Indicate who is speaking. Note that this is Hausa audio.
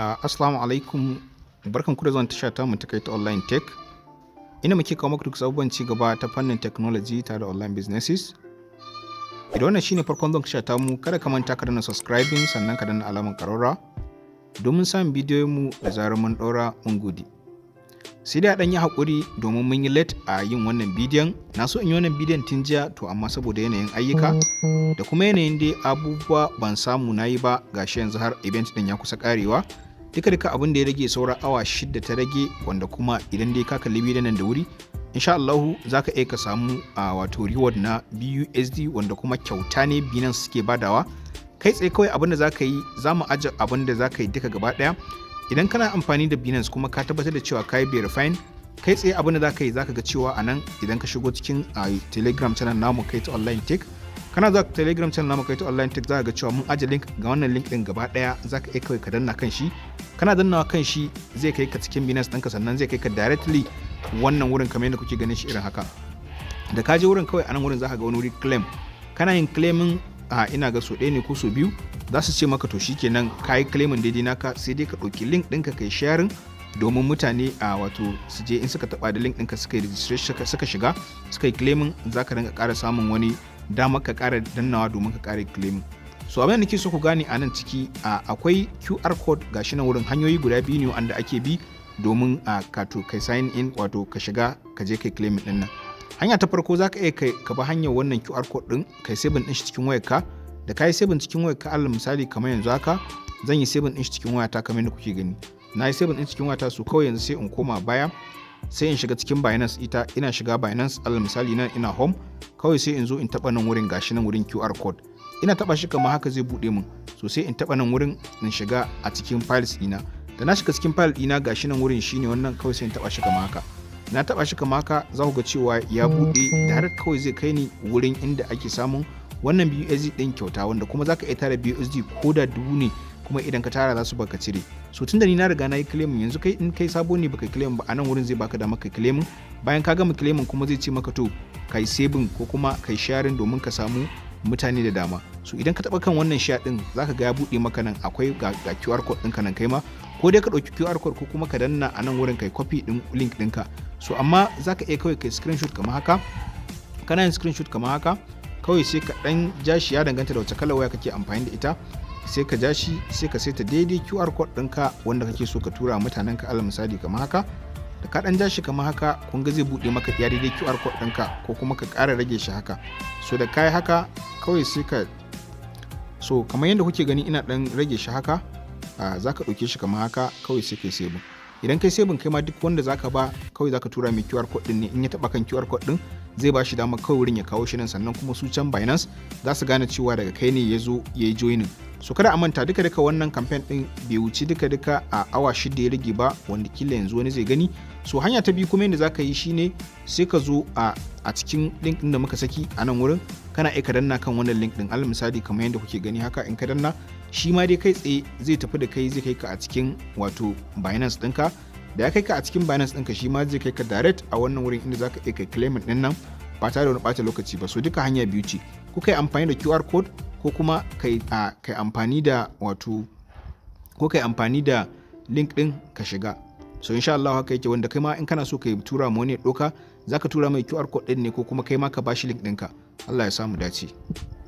Speaker 1: Assalamu alaikum barkan ku da zuwa tasha ta mu ta kai ta online tech ina muke kawo muku duk sabon ci gaba ta fannin technology tare da online businesses idan wannan shine farkon zuwa tasha ta mu kada ka manta ka danna subscribing sannan ka danna alamar karora domin samun bidiyoyin mu da zarar mun daura mun gode sai dai dan yi hakuri domin mun yi late a yin wannan bidiyon na so in yi wannan bidiyon tun jiya to amma saboda yanayin ayyuka da kuma yanayin dai abubuwa ban samu nayi ba gashi yanzu har event din ya kusa karewa duka duka abin da ya rage saura awa shida ta rage wanda kuma idan dai ka kalli bidiyon nan da wuri insha Allahu za ka iya ka samu a wato reward na BUSD wanda kuma kyauta ne binan suke badawa kai tsaye kawai abin da za ka yi za mu aje abin da za ka yi duka gaba daya idan kana amfani da Binance kuma ka tabbatar da cewa kai verifying kai tsaye abin da za ka yi za ka ga cewa a nan idan ka shigo cikin a telegram channel namu kai ta online tech kana zuwa telegram channel namu to online tech za ga cewa mun aje link ga wannan link din gaba daya za ka iya ka danna kan shi kana dannawa kan shi zai kai ka cikin binance ɗinka sannan zai kai ka directly wannan wurin kamar yadda kuke ganin shi irin haka da ka je wurin kawai a nan wurin za ka ga wani wuri claim kana yin claimin a ina ga so ɗaya ne ko so biyu za su ce maka to shikenan ka yi claimin daidai naka sai dai ka ɗauki link ka kai sharing domin mutane a wato su je in suka taba da link ɗinka suka yi registration suka shiga suka yi claiming za ka dinga ƙara samun wani damar ka kara dannawa domin ka kara claim so abin da nake so ku gane a nan ciki akwai QR code shi nan wurin hanyoyi guda biyu ne wanda ake bi domin a kato kai sign in wato ka shiga ka je kai claim din nan hanya ta farko zaka iya kai ka bi hanyar wannan QR code din kai saving din shi cikin wayarka da kai saving cikin wayarka alal misali kamar yanzu haka zan yi saving din shi cikin wayata kamar yadda kuke gani na yi saving din cikin wayata su kawai yanzu sai in koma baya sai in shiga cikin Binance ita ina shiga Binance alal misali nan ina home kawai sai in zo in taba nan wurin gashi nan wurin QR code ina taba shi kamar haka zai bude min so sai in taba nan wurin in shiga a cikin files dina da na shiga cikin file dina gashi nan wurin shine wannan kawai sai in taba shi kamar haka na taba shi kamar haka za ku ga cewa ya bude da har kawai zai kai ni wurin inda ake samun wannan BUSD din kyauta wanda kuma zaka iya tara BUSD koda da dubu ne kuma idan ka tara za su baka cire so tunda ni na riga na yi claim yanzu kai in kai sabo ne baka claim ba a nan wurin zai baka da maka claim bayan ka gama claim kuma zai ce maka to kai saving ko kuma kai sharing domin ka samu mutane da dama so idan ka taba kan wannan sha din zaka ga ya bude maka nan akwai ga, QR code ɗinka nan kai ma ko dai ka dauki QR code ko kuma ka danna a nan wurin kai copy din link ɗinka so amma zaka iya kawai kai screenshot kamar haka kana yin screenshot kamar haka kawai sai ka dan ja shi ya danganta da wace kalar waya kake amfani da ita sai ka jashi sai ka saita daidai QR code ɗinka wanda kake so ka tura mutanen ka alal misali kamar haka da ka dan jashi shi kamar haka kun ga zai buɗe maka iya daidai QR code ɗinka ko kuma ka ƙara rage shi haka so da kai haka kawai sai ka so kamar yadda kuke gani ina dan rage shi haka za ka ɗauke shi kamar haka kawai sai yi sebin idan kai sebin kai ma duk wanda zaka ba kawai zaka tura mai QR code din ne in ya taba kan QR code din zai ba shi dama kawai wurin ya kawo shi nan sannan kuma su can Binance za su gane cewa daga kai ne ya zo ya yi joining so kada a manta duka duka wannan kamfen din bai wuce duka duka a awa shida ya rage ba wanda kila yanzu wani zai gani so hanya ta biyu kuma yadda zaka yi shine sai ka zo a a cikin link din da muka saki a nan wurin kana aika danna kan wannan link din alal misali kamar yadda kuke gani haka in ka danna shi ma dai kai tsaye zai tafi da kai zai kai ka a cikin wato Binance dinka da ya kai ka a cikin Binance dinka shi ma zai kai ka direct a wannan wurin inda zaka iya kai claimant ɗin nan ba tare da wani ɓata lokaci ba so duka hanya biyu ce kuka yi amfani da QR code ko kuma kai amfani da wato ko kai amfani da link din ka shiga so insha Allah haka yake wanda kai ma in kana so kai tura mu wani doka zaka tura mai QR code din ne ko kuma kai ma ka bashi link ɗinka Allah ya samu dace